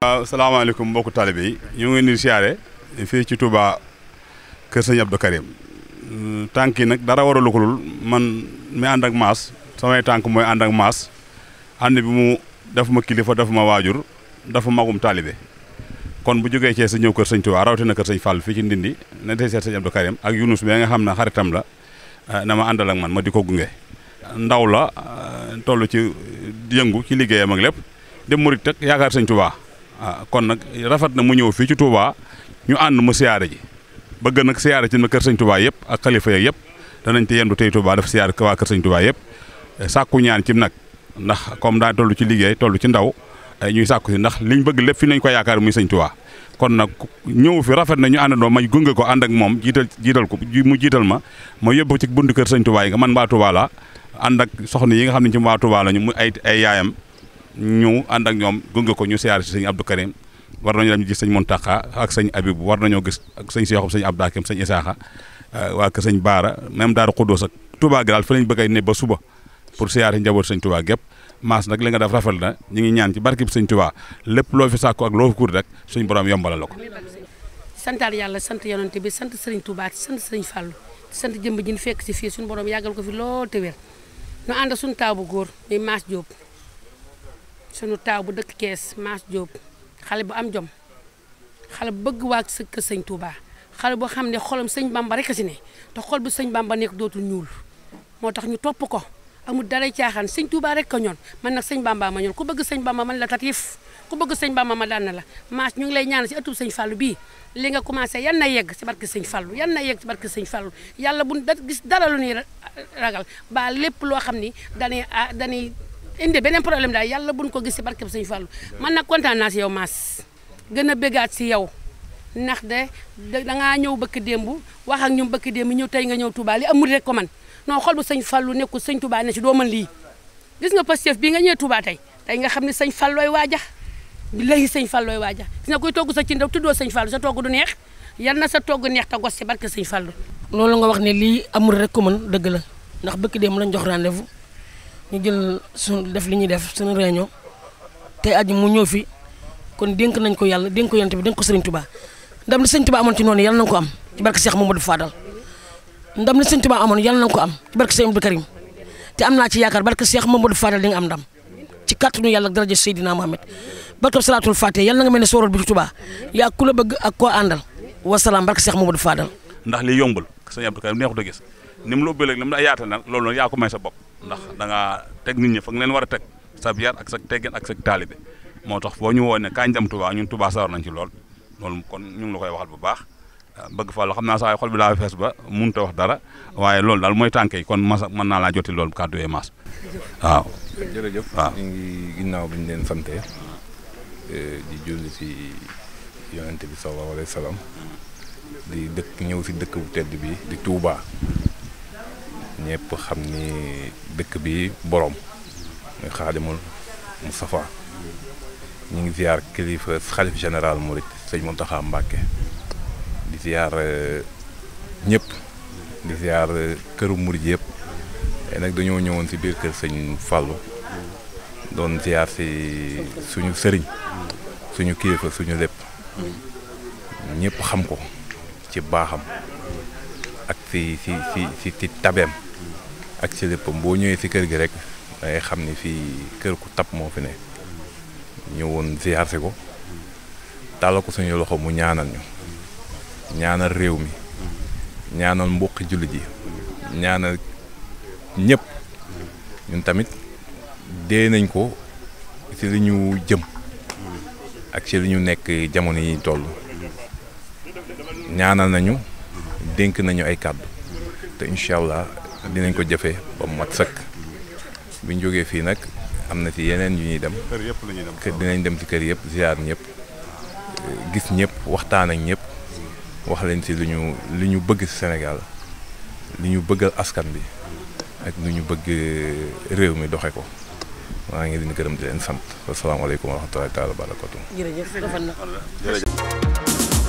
assalamu salaamaaleykum mbok talibi ñu ngi ni di fi ci Touba keur seigne Abdou Karim euh, tanki nak dara man mi and ak maas samay tank moy mas, ak maas and bi mu daf ma kilifa daf ma waajur dafa magum kon bu jógee ci sa ñëw kër sëñ Touba na keur seigne Fall fi ci Ndindi na dé seigne Abdou Karim ak Younus bi nga xamna xaritam la euh, na ma àndal ak man ma di gungé ndaw la euh, tollu ci yëngu ci liggéeyam ak lepp dem murit tak yaakar seigne Touba. ah kon nag rafet na mu ñëw fii ci Touba ñu ànd mu siyaare ji bëgg nag siyaare ci ma kër sëñ Touba yëpp ak xalifa yeeg yëpp danañ te yendu tey Touba def siyaare waa kër sëñ Touba yëpp eh, sàkku ñaan ci nag ndax comme daa toll ci liggéey tollu ci ndaw eh, ñuy sàkku si ndax liñ bëgg lépp fi nañ ko yaakaar muy sëñ Touba kon nag ñëw fi rafet na ñu àndandoo may gunge ko ànd ak moom jiital jiital ko mu jiital ma ma yóbbu ci buntu kër sëñ Touba yi nga man waa Touba ànd ak soxna yi nga xam ne ci waa la ñu mu ay ay yaayam ñu ànd ak ñoom gunge ko ñu siyaare si sëñ Abdou Karim war nañu dem gis sëñ Mountakha ak sëñ Abibu war nañoo gis ak sëñ Seexum sëñ Abdou Hakim sëñ Isaaxa euh, waa kër sëñ Baara même daal lañ bëgg a ne ba suba pour siyaare si njaboot sëñ Touba gépp maas nag li nga def rafet na ñu ngi ñaan ci barke bi sëñ Touba lépp loo fi sàkku ak loo fi kuur rek suñ borom yombalal la ko. santaal sant yonent bi sant sëriñ Touba sant sëriñ Fallou sant jëmb ji ñu fekk si fii suñu borom yàggal ko fi lool te wér ñu ànd suñu taaw góor muy Maas Diop sunu taaw bu dëkk kees Mass Diop xale bu am jom xale bu bëgg waa sa kër sëñ Touba xale boo xam ne xolam sëñ Bamba rek a si ne te xol bu sëñ Bamba nekk dootul ñuul moo tax ñu topp ko amul dara caaxaan sëñ Touba rek ko ñoon man nag sëñ Bamba ma ñoon ku bëgg sëñ Bamba man la tatif ku bëgg sëñ Bamba ma daan la Mass ñu ngi lay ñaanal si ëttub sëñ Fallou bii li nga commencé yan na yegg si barke sëñ Fallou yan na yegg si barke sëñ Fallou yàlla bu da gis dara lu ñuy ragal ba lépp loo xam ni dañuy ah, indi beneen problème daal yàlla buñ ko gis barke barkeb Sëñ Fallu man nag kontaan naa si yow Mass gën a bégaat si yow ndax de dangaa ñëw bëkk démb wax ak ñoom bëkk démb ñëw tey nga ñëw Touba li amul rek ko man non xol bu Sëñ Fallu nekkul Sëñ Touba si doo mën lii gis nga Pastef bii nga ñëwee tey tey xam ne Sëñ Fallooy waaja billahi Sëñ Fallooy waaja gis nga koy togg ci ndaw tuddoo Sëñ Fallu sa togg du neex yal na sa togg neex te gos si barke Sëñ Fallu loolu nga wax ne lii amul rek ko dëgg la ndax bëkk démb lañ jox rendez-vous ñu jël suñ def li ñuy def suñu réunion tey aji mu ñëw fi kon dénk nañ ko yàlla dénk ko yonent bi dénk ko Serigne Touba ndam li Serigne Touba amoon ci noonu yàlla na ko am ci barke Cheikh Mamadou Fadal ndam li Serigne Touba amoon ko am ci barke Cheikh Abdou Karim te am naa ci yaakaar barke Cheikh Mamadou Fadal di nga am ndam ci kàttanu yàlla ak daraja Seydina Mohamed barke salaatul Fatiha yàlla na nga mel ne sooroot bi ci Touba yaa ku la bëgg ak koo àndal wasalaam barke Cheikh Mamadou Fadal. ndax li yombul Serigne Abdou Karim neexut a gis ni mu yaa ko may ndax danga ngaa teg nit ñi fa nga leen war a teg sab ak sa teggeen ak sa taalibe moo tax boo ñu woo ne kaañ dem Touba ñun Touba sawar nañ ci lool loolu kon ñu ngi la koy waxal bu baax bëgg fa la xam naa ay xol bi laa fees ba mënut a wax dara waaye loolu daal mooy tànk yi kon mas mën naa laa joti loolu kàddu maas waaw. jërëjëf waaw ginnaaw bi leen sante eh, di julli ci yonent bi sallallahu alayhi di dëkk ñëw ci dëkk bu tedd bi di Touba. ñëpp xam ni dëkk bi boroom muy xaadimul Moustapha ñu ngi ziar kilifa xalif général Mouride sëñ Mountakha Mbacké di ziar euh, ñëpp di ziar euh, këru Mouride yëpp tey nag dañoo ñëwoon si biir kër sëñ Fallou doon ziar si suñu sëriñ suñu kilifa suñu lépp ñëpp xam ko ci baaxam ak si si si si ci tabeem ak ci léppam boo ñëwee ci kër gi rek dangay xam ni fii kër ku tab moo fi ne ñëwoon ziar si ko tàll ko suñu loxo mu ñaanal ñu ñaanal réew mi ñaanal mbokki jullit yi ñaanal ñëpp ñun tamit dee nañ ko ci li ñu jëm ak ci lu ñu nekk jamono yi ñu toll ñaanal nañu dénk nañu ay kàddu te incha allah dinañ ko jëfee ba mu mat sëkk bi jógee fii nag am na ci yeneen yu ñuy dem. kër yëpp la ñuy dem dinañ dem ci kër yëpp ziar ñëpp gis ñëpp waxtaan ak ñëpp wax leen ci lu ñu li ñu bëgg ci Sénégal lu ñu bëggal askan bi ak lu ñu bëgg eh, réew mi doxe ko maa ngi leen di gërëm di leen sant asalaamaaleykum wa rahmatullaahi taala wa